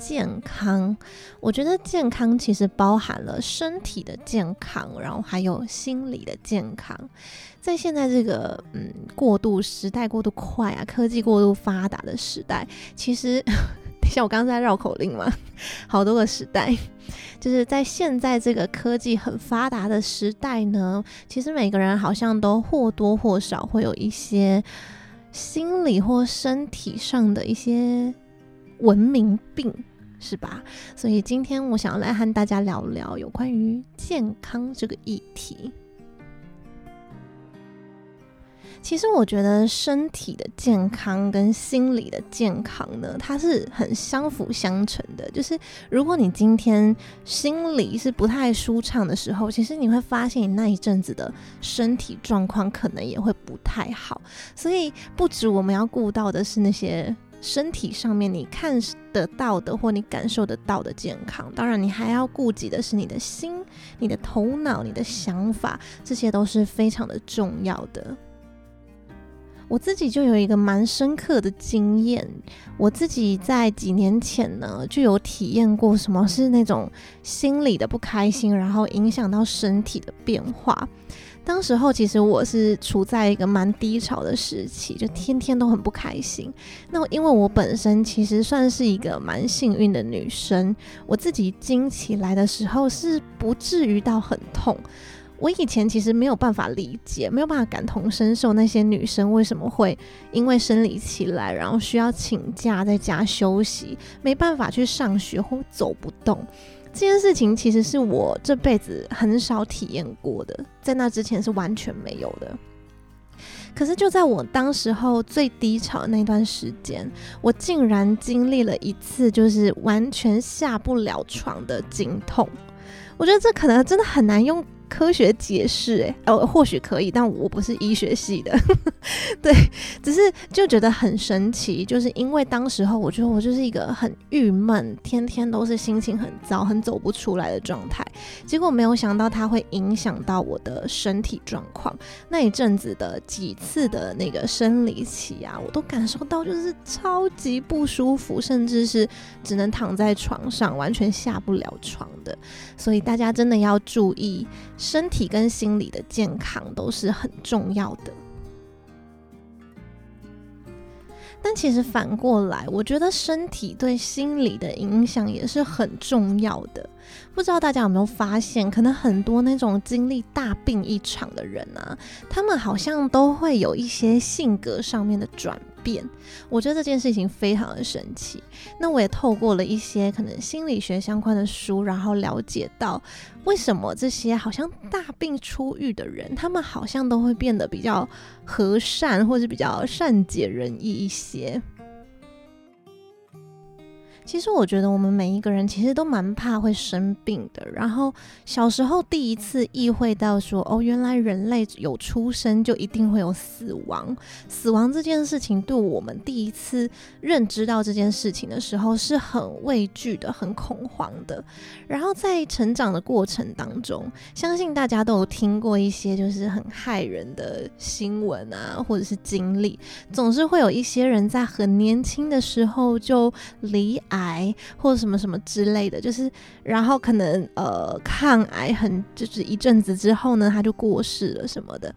健康，我覺得健康其實包含了身體的健康，然後還有心理的健康。在現在這個嗯，過度時代，過度快啊，科技過度發達的時代，其實像我剛剛在繞口令嘛，好多個時代，就是在現在這個科技很發達的時代呢，其實每個人好像都或多或少會有一些心理或身體上的一些文明病。是吧？所以今天我想要來和大家聊聊有關於健康這個議題。其實我覺得身體的健康跟心理的健康呢，它是很相輔相成的。就是如果你今天心裡是不太舒暢的時候，其實你會發現你那一陣子的身體狀況可能也會不太好。所以不止我們要顧到的是那些。身體上面你看得到的或你感受得到的健康，當然你還要顧及的是你的心、你的頭腦、你的想法，這些都是非常的重要的。我自己就有一個蠻深刻的經驗，我自己在幾年前呢，就有體驗過什麼是那種心理的不開心，然後影響到身體的變化。當時候其實我是處在一個蠻低潮的時期，就天天都很不開心。那因為我本身其實算是一個蠻幸運的女生，我自己經起來的時候是不至於到很痛。我以前其實沒有辦法理解，沒有辦法感同身受那些女生為什麼會因為生理期來，然後需要請假在家休息，沒辦法去上學或走不動。這件事情其實是我這輩子很少體驗過的，在那之前是完全沒有的。可是就在我當時候，最低潮那段時間，我竟然經歷了一次就是完全下不了床的經痛，我覺得這可能真的很難用。科學解釋，欸，哎，哦，或許可以，但我不是醫學系的。 對，只是就覺得很神奇，就是因為當時候我覺得我就是一個很鬱悶，天天都是心情很糟，很走不出來的狀態，結果沒有想到它會影響到我的身體狀況。那一陣子的幾次的那個生理期啊，我都感受到就是超級不舒服，甚至是只能躺在床上，完全下不了床的，所以大家真的要注意，身體跟心理的健康都是很重要的，但其實反過來，我覺得身體對心理的影響也是很重要的。不知道大家有沒有發現，可能很多那種經歷大病一場的人啊，他們好像都會有一些性格上面的轉變。變，我覺得這件事情非常的神奇。那我也透過了一些可能心理學相關的書，然後了解到為什麼這些好像大病初愈的人，他們好像都會變得比較和善，或是比較善解人意一些。其實我覺得我們每一個人其實都蠻怕會生病的。然後小時候第一次意會到說，哦，原來人類有出生就一定會有死亡。死亡這件事情，對我們第一次認知到這件事情的時候，是很畏懼的、很恐慌的。然後在成長的過程當中，相信大家都有聽過一些就是很駭人的新聞啊，或者是經歷，總是會有一些人在很年輕的時候就離。癌或什麼什麼之類的，就是，然後可能呃，抗癌很就是一陣子之後呢，他就過世了什麼的，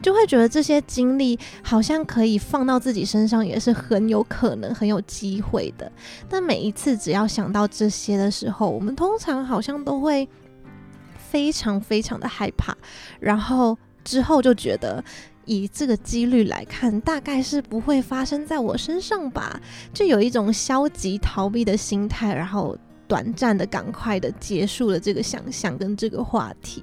就會覺得這些經歷好像可以放到自己身上，也是很有可能、很有機會的。但每一次只要想到這些的時候，我們通常好像都會非常非常的害怕，然後之後就覺得。以這個幾率來看，大概是不會發生在我身上吧。就有一種消極逃避的心態，然後短暫的、趕快的結束了這個想象跟這個話題。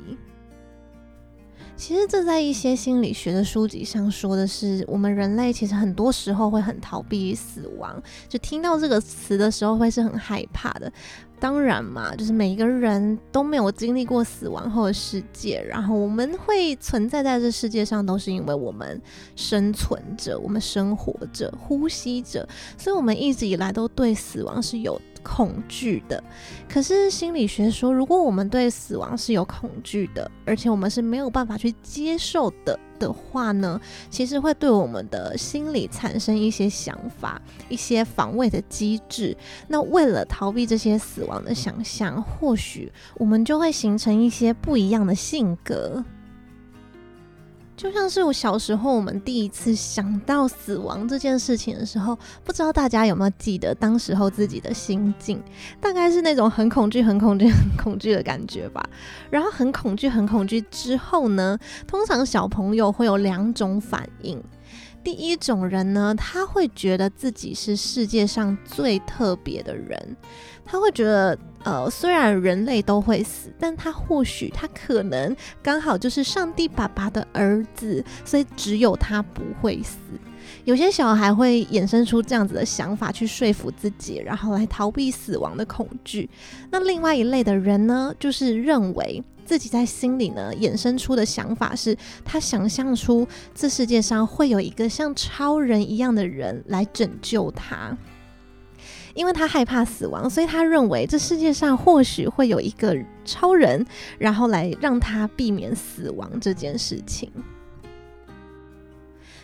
其實這在一些心理學的書籍上說的是，我們人類其實很多時候會很逃避死亡，就聽到這個詞的時候會是很害怕的。當然嘛，就是每一個人都沒有經歷過死亡後的世界，然後我們會存在在這世界上，都是因為我們生存着，我們生活着，呼吸着，所以我們一直以來都對死亡是有。恐懼的，可是心理學說，如果我們對死亡是有恐懼的，而且我們是沒有辦法去接受的的話呢，其實會對我們的心理產生一些想法，一些防衛的機制。那為了逃避這些死亡的想象，或許我們就會形成一些不一樣的性格。就像是我小時候，我們第一次想到死亡這件事情的時候，不知道大家有沒有記得當時候自己的心境，大概是那種很恐懼、很恐懼、很恐懼的感覺吧。然後很恐懼、很恐懼之後呢，通常小朋友會有兩種反應。第一種人呢，他會覺得自己是世界上最特別的人，他會覺得。呃，雖然人類都會死，但他或許他可能剛好就是上帝爸爸的兒子，所以只有他不會死。有些小孩會衍生出這樣子的想法去說服自己，然後來逃避死亡的恐懼。那另外一類的人呢，就是認為自己在心裡呢，衍生出的想法是，他想象出這世界上會有一個像超人一樣的人來拯救他。因為他害怕死亡，所以他認為這世界上或許會有一個超人，然後來讓他避免死亡這件事情。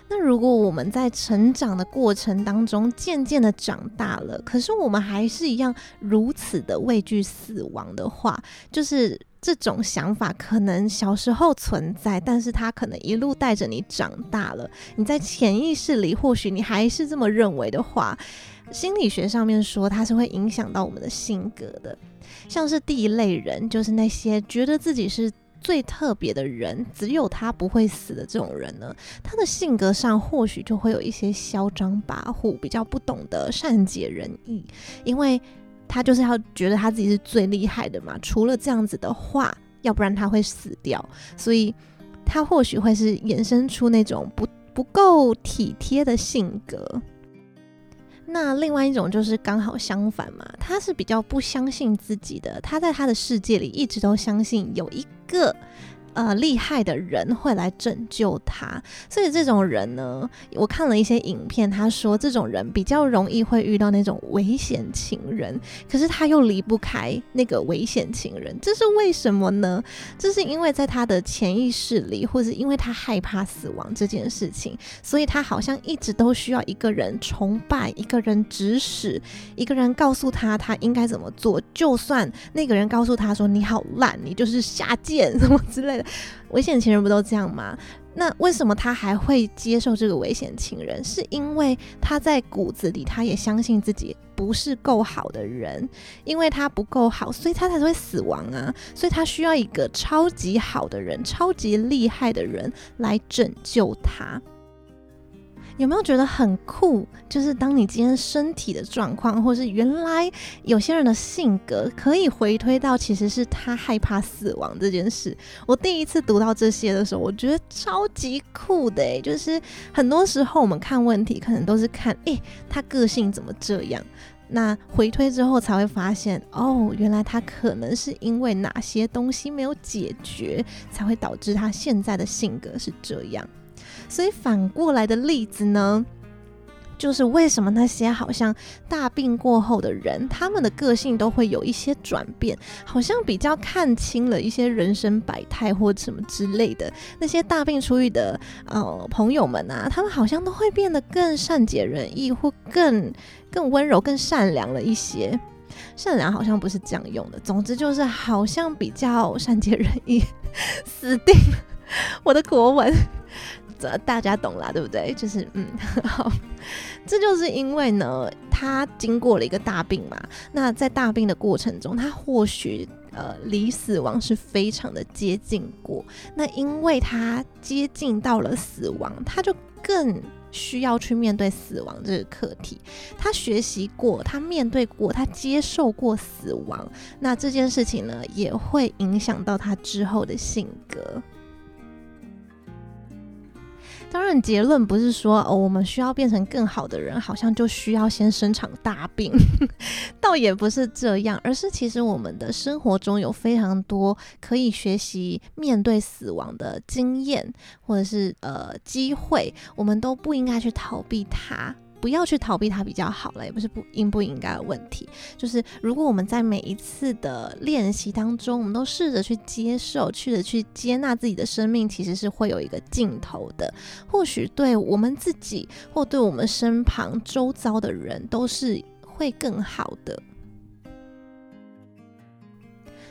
那如果我們在成長的過程當中漸漸的長大了，可是我們還是一樣如此的畏懼死亡的話，就是。這種想法可能小時候存在，但是他可能一路帶着你長大了。你在潛意識裡或許你還是這麼認為的話，心理學上面說他是會影響到我們的性格的。像是第一類人，就是那些覺得自己是最特別的人，只有他不會死的這種人呢，他的性格上或許就會有一些囂張跋扈，比較不懂得善解人意，因為。他就是要覺得他自己是最厲害的嘛，除了這樣子的話，要不然他會死掉。所以他或許會是延伸出那種不不夠體貼的性格。那另外一種就是剛好相反嘛，他是比較不相信自己的，他在他的世界裡一直都相信有一個。呃，厲害的人會來拯救他，所以這種人呢，我看了一些影片，他說這種人比較容易會遇到那種危險情人，可是他又離不開那個危險情人，這是為什麼呢？這是因為在他的潛意識裡，或是因為他害怕死亡這件事情，所以他好像一直都需要一個人崇拜，一個人指使，一個人告訴他他應該怎麼做，就算那個人告訴他說你好爛，你就是下賤什麼之類的。危險情人不都這樣嗎？那為什麼他還會接受這個危險情人？是因為他在骨子裡，他也相信自己不是夠好的人，因為他不夠好，所以他才會死亡啊！所以他需要一個超級好的人、超級厲害的人來拯救他。有沒有覺得很酷？就是當你今天身體的狀況，或是原來有些人的性格，可以回推到其實是他害怕死亡這件事。我第一次讀到這些的時候，我覺得超級酷的欸，就是很多時候我們看問題，可能都是看，誒、欸，他個性怎麼這樣？那回推之後才會發現，哦，原來他可能是因為哪些東西沒有解決，才會導致他現在的性格是這樣。所以反過來的例子呢，就是為什麼那些好像大病過後的人，他們的個性都會有一些轉變，好像比較看清了一些人生百態或什麼之類的。那些大病初癒的呃朋友們啊，他們好像都會變得更善解人意，或更更溫柔、更善良了一些。善良好像不是這樣用的，總之就是好像比較善解人意。死定，我的國文。大家懂啦，對不對？就是嗯，好，這就是因為呢，他經過了一個大病嘛。那在大病的過程中，他或許呃離死亡是非常的接近過。那因為他接近到了死亡，他就更需要去面對死亡這個課題。他學習過，他面對過，他接受過死亡。那這件事情呢，也會影響到他之後的性格。當然，結論不是說哦，我們需要變成更好的人，好像就需要先生場大病，呵呵，倒也不是這樣，而是其實我們的生活中有非常多可以學習面對死亡的經驗，或者是呃機會，我們都不應該去逃避它。不要去逃避它比較好了，也不是不應不應該的問題。就是如果我們在每一次的練習當中，我們都試着去接受，去的去接納自己的生命，其實是會有一個盡頭的。或許對我們自己，或對我們身旁周遭的人，都是會更好的。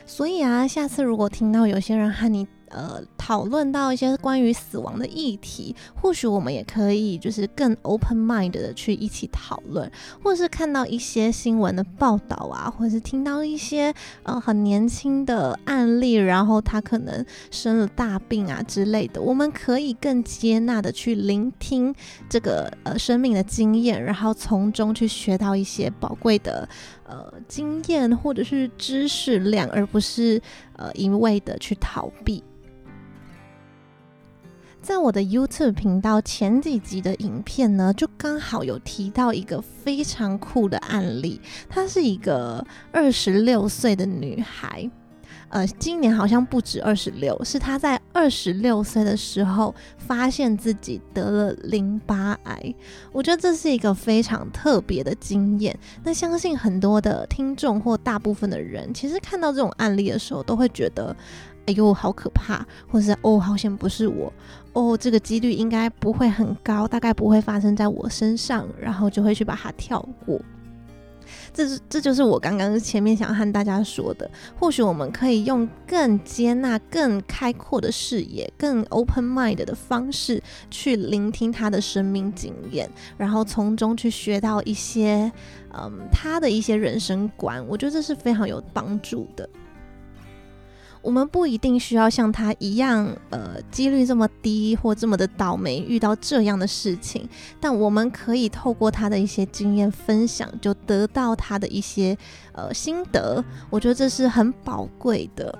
所以啊，下次如果聽到有些人和你，呃，討論到一些關於死亡的議題，或許我們也可以就是更 open mind 的去一起討論，或者是看到一些新聞的報道啊，或者是聽到一些呃很年輕的案例，然後他可能生了大病啊之類的，我們可以更接納的去聆聽這個呃生命的經驗，然後從中去學到一些寶貴的呃經驗或者是知識量，而不是呃一味的去逃避。在我的 YouTube 頻道前幾集的影片呢，就剛好有提到一個非常酷的案例。她是一個二十六歲的女孩，呃，今年好像不止二十六，是她在二十六歲的時候發現自己得了淋巴癌。我覺得這是一個非常特別的經驗。那相信很多的聽眾或大部分的人，其實看到這種案例的時候，都會覺得“哎呦，好可怕”或是“哦，好像不是我”。哦，這個幾率應該不會很高，大概不會發生在我身上，然後就會去把它跳過。這是這就是我剛剛前面想和大家說的。或許我們可以用更接納、更開闊的視野、更 open mind 的方式去聆聽他的生命經驗，然後從中去學到一些，嗯，他的一些人生觀。我覺得這是非常有幫助的。我們不一定需要像他一樣，呃，幾率這麼低或這麼的倒霉遇到這樣的事情，但我們可以透過他的一些經驗分享，就得到他的一些呃心得，我覺得這是很寶貴的。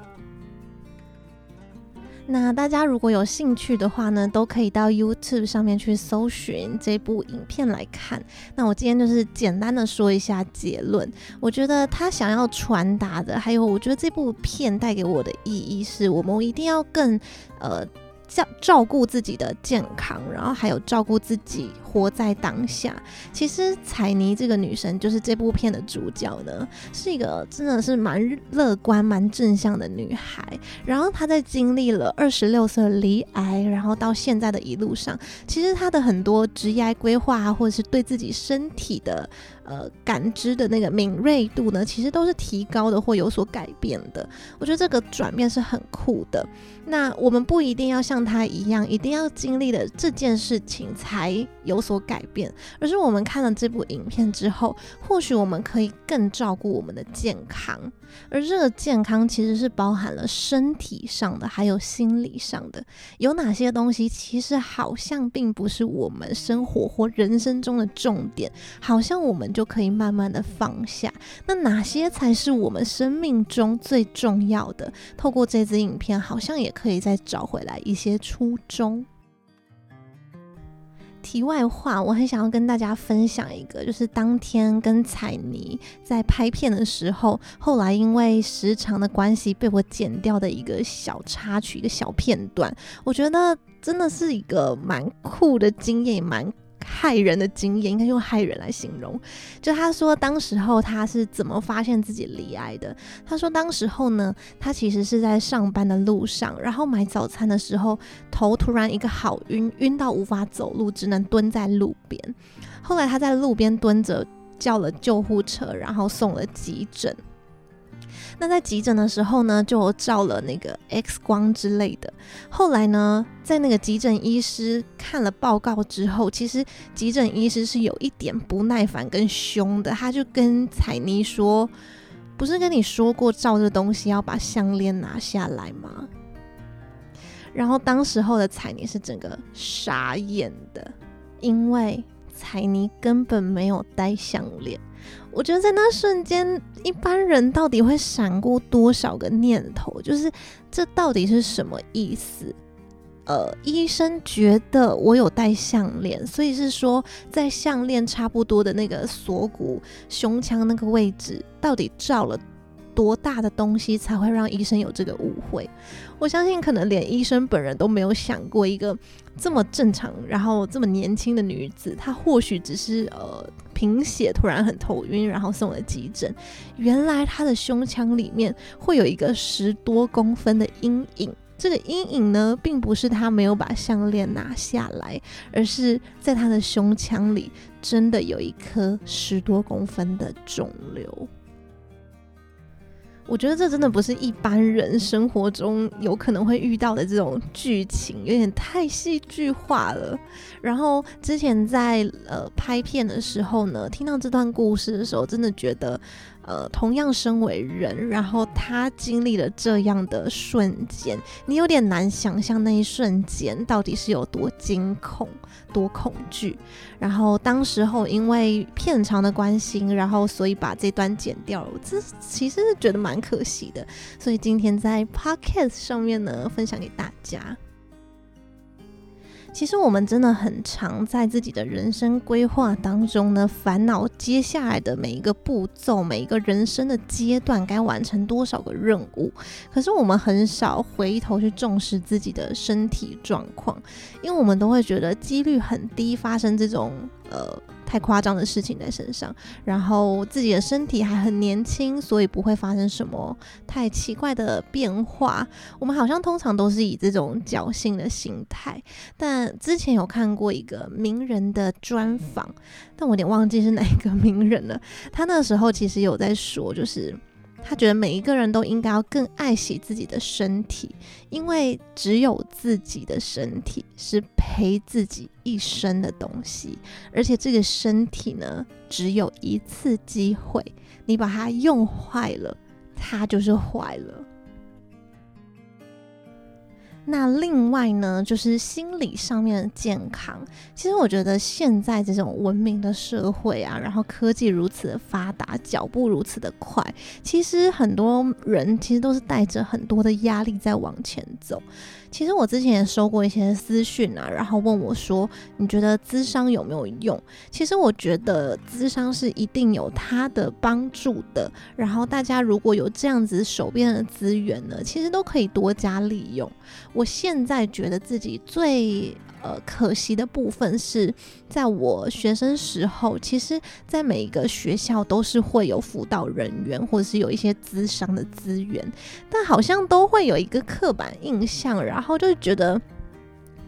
那大家如果有興趣的話呢，都可以到 YouTube 上面去搜尋這部影片來看。那我今天就是簡單的說一下結論。我覺得他想要傳達的，還有我覺得這部片帶給我的意義，是我們一定要更，呃。照照顧自己的健康，然後還有照顧自己活在當下。其實彩妮這個女生就是這部片的主角呢，是一個真的是蠻樂觀、蠻正向的女孩。然後她在經歷了二十六歲罹癌，然後到現在的一路上，其實她的很多職業規劃或者是對自己身體的。呃，感知的那個敏銳度呢，其實都是提高的或有所改變的。我覺得這個轉變是很酷的。那我們不一定要像他一樣，一定要經歷了這件事情才有所改變，而是我們看了這部影片之後，或許我們可以更照顧我們的健康。而這個健康其實是包含了身體上的，還有心理上的。有哪些東西其實好像並不是我們生活或人生中的重點，好像我們。就可以慢慢的放下。那哪些才是我們生命中最重要的？透過這支影片，好像也可以再找回來一些初衷。題外話，我很想要跟大家分享一個，就是當天跟彩妮在拍片的時候，後來因為時長的關係被我剪掉的一個小插曲、一個小片段。我覺得真的是一個蠻酷的經驗，蠻。害人的經驗應該用害人來形容。就他說，當時候他是怎麼發現自己罹癌的？他說，當時候呢，他其實是在上班的路上，然後買早餐的時候，頭突然一個好暈，暈到無法走路，只能蹲在路邊。後來他在路邊蹲着叫了救護車，然後送了急診。那在急診的時候呢，就照了那個 X 光之類的。後來呢，在那個急診醫師看了報告之後，其實急診醫師是有一點不耐煩跟兇的，他就跟彩妮說：“不是跟你說過照這東西要把項鏈拿下來嗎？”然後當時候的彩妮是整個傻眼的，因為彩妮根本沒有戴項鏈。我覺得在那瞬間，一般人到底會閃過多少個念頭？就是這到底是什麼意思？呃，醫生覺得我有戴項鏈，所以是說在項鏈差不多的那個鎖骨、胸腔那個位置，到底照了多大的東西才會讓醫生有這個誤會？我相信可能連醫生本人都沒有想過一個這麼正常，然後這麼年輕的女子，她或許只是，呃。貧血，突然很頭暈，然後送了急診。原來他的胸腔裡面會有一個十多公分的陰影。這個陰影呢，並不是他沒有把項鏈拿下來，而是在他的胸腔裡真的有一顆十多公分的腫瘤。我覺得這真的不是一般人生活中有可能會遇到的這種劇情，有點太戲劇化了。然後之前在呃拍片的時候呢，聽到這段故事的時候，真的覺得。呃，同樣身為人，然後他經歷了這樣的瞬間，你有點難想象那一瞬間到底是有多驚恐、多恐懼。然後當時候因為片長的關係，然後所以把這段剪掉了。我這其實是覺得蠻可惜的，所以今天在 podcast 上面呢，分享給大家。其實我們真的很常在自己的人生規劃當中呢，煩惱接下來的每一個步驟，每一個人生的階段該完成多少個任務。可是我們很少回頭去重視自己的身體狀況，因為我們都會覺得幾率很低，發生這種呃。太誇張的事情在身上，然後自己的身體還很年輕，所以不會發生什麼太奇怪的變化。我們好像通常都是以這種僥倖的心態，但之前有看過一個名人的專訪，但我有點忘記是哪一個名人了。他那時候其實有在說，就是。他覺得每一個人都應該要更愛惜自己的身體，因為只有自己的身體是陪自己一生的東西，而且這個身體呢，只有一次機會，你把它用壞了，它就是壞了。那另外呢，就是心理上面的健康。其實我覺得現在這種文明的社會啊，然後科技如此的發達，腳步如此的快，其實很多人其實都是帶着很多的壓力在往前走。其實我之前也收過一些私訊啊，然後問我說，你覺得諮商有沒有用？其實我覺得諮商是一定有它的幫助的。然後大家如果有這樣子手邊的資源呢，其實都可以多加利用。我現在覺得自己最呃，可惜的部分是在我學生時候，其實，在每一個學校都是會有輔導人員，或者是有一些諮商的資源，但好像都會有一個刻板印象，然後就是覺得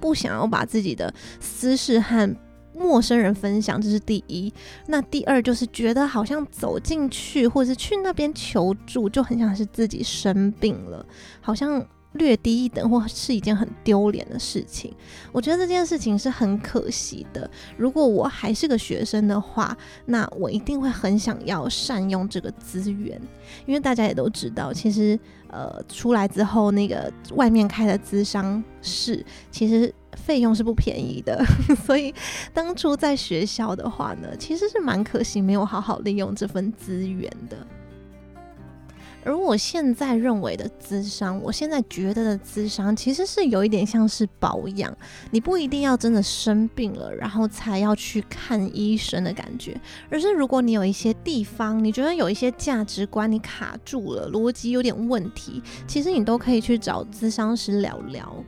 不想要把自己的私事和陌生人分享，這是第一。那第二就是覺得好像走進去，或者是去那邊求助，就很像是自己生病了，好像。略低一等，或是一件很丟臉的事情。我覺得這件事情是很可惜的。如果我還是個學生的話，那我一定會很想要善用這個資源，因為大家也都知道，其實呃出來之後那個外面開的諮商室，其實費用是不便宜的。所以當初在學校的話呢，其實是蠻可惜沒有好好利用這份資源的。而我現在認為的諮商，我現在覺得的諮商，其實是有一點像是保養。你不一定要真的生病了，然後才要去看醫生的感覺，而是如果你有一些地方，你覺得有一些價值觀你卡住了，邏輯有點問題，其實你都可以去找諮商師聊聊。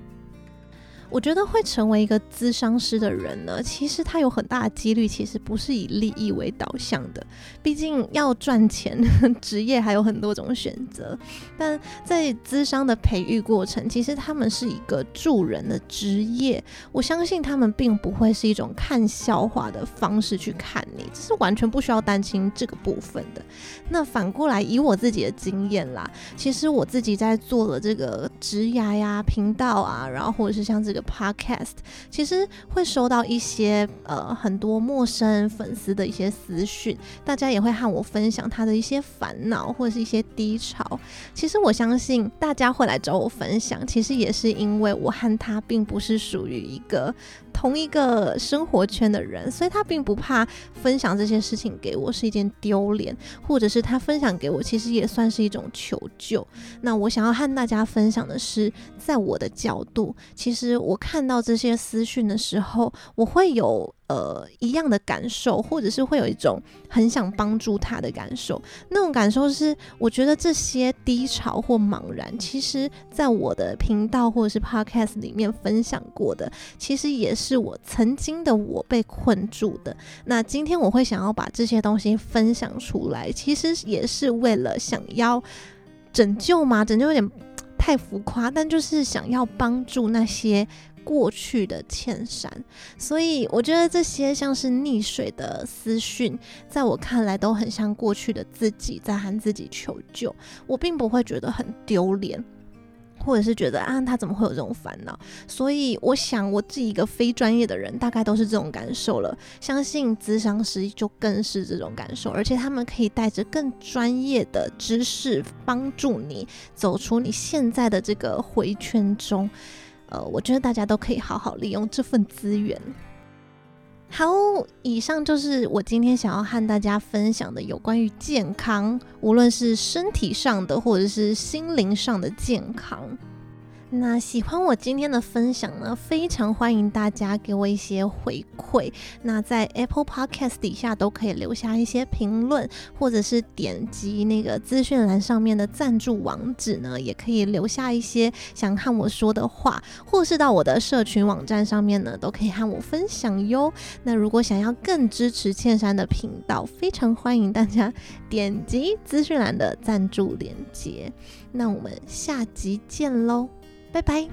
我覺得會成為一個諮商師的人呢，其實他有很大的幾率其實不是以利益為導向的，畢竟要賺錢，職業還有很多種選擇。但在諮商的培育過程，其實他們是一個助人的職業，我相信他們並不會是一種看笑話的方式去看你，這是完全不需要擔心這個部分的。那反過來，以我自己的經驗啦，其實我自己在做的這個職涯呀、頻道啊，然後或者是像這個。Podcast 其實會收到一些呃很多陌生粉絲的一些私訊，大家也會和我分享他的一些煩惱或者是一些低潮。其實我相信大家會來找我分享，其實也是因為我和他並不是屬於一個。同一個生活圈的人，所以他並不怕分享這些事情給我是一件丟臉，或者是他分享給我其實也算是一種求救。那我想要和大家分享的是，在我的角度，其實我看到這些私訊的時候，我會有。呃，一樣的感受，或者是會有一種很想幫助他的感受。那種感受是，我覺得這些低潮或茫然，其實在我的頻道或者是 podcast 裡面分享過的，其實也是我曾經的我被困住的。那今天我會想要把這些東西分享出來，其實也是為了想要拯救嘛，拯救有點太浮誇，但就是想要幫助那些。過去的茜珊，所以我覺得這些像是溺水的私訊，在我看來都很像過去的自己在和自己求救。我並不會覺得很丟臉，或者是覺得啊，他怎麼會有這種煩惱？所以我想，我自己一個非專業的人，大概都是這種感受了。相信諮商師就更是這種感受，而且他們可以帶着更專業的知識，幫助你走出你現在的這個回圈中。呃，我覺得大家都可以好好利用這份資源。好，以上就是我今天想要和大家分享的有關於健康，無論是身體上的或者是心靈上的健康。那喜歡我今天的分享呢，非常歡迎大家給我一些回饋。那在 Apple Podcast 底下都可以留下一些評論，或者是點擊那個資訊欄上面的贊助網址呢，也可以留下一些想和我說的話，或是到我的社群網站上面呢，都可以和我分享喲。那如果想要更支持茜珊的頻道，非常歡迎大家點擊資訊欄的贊助鏈接那我們下集見嘍！拜拜。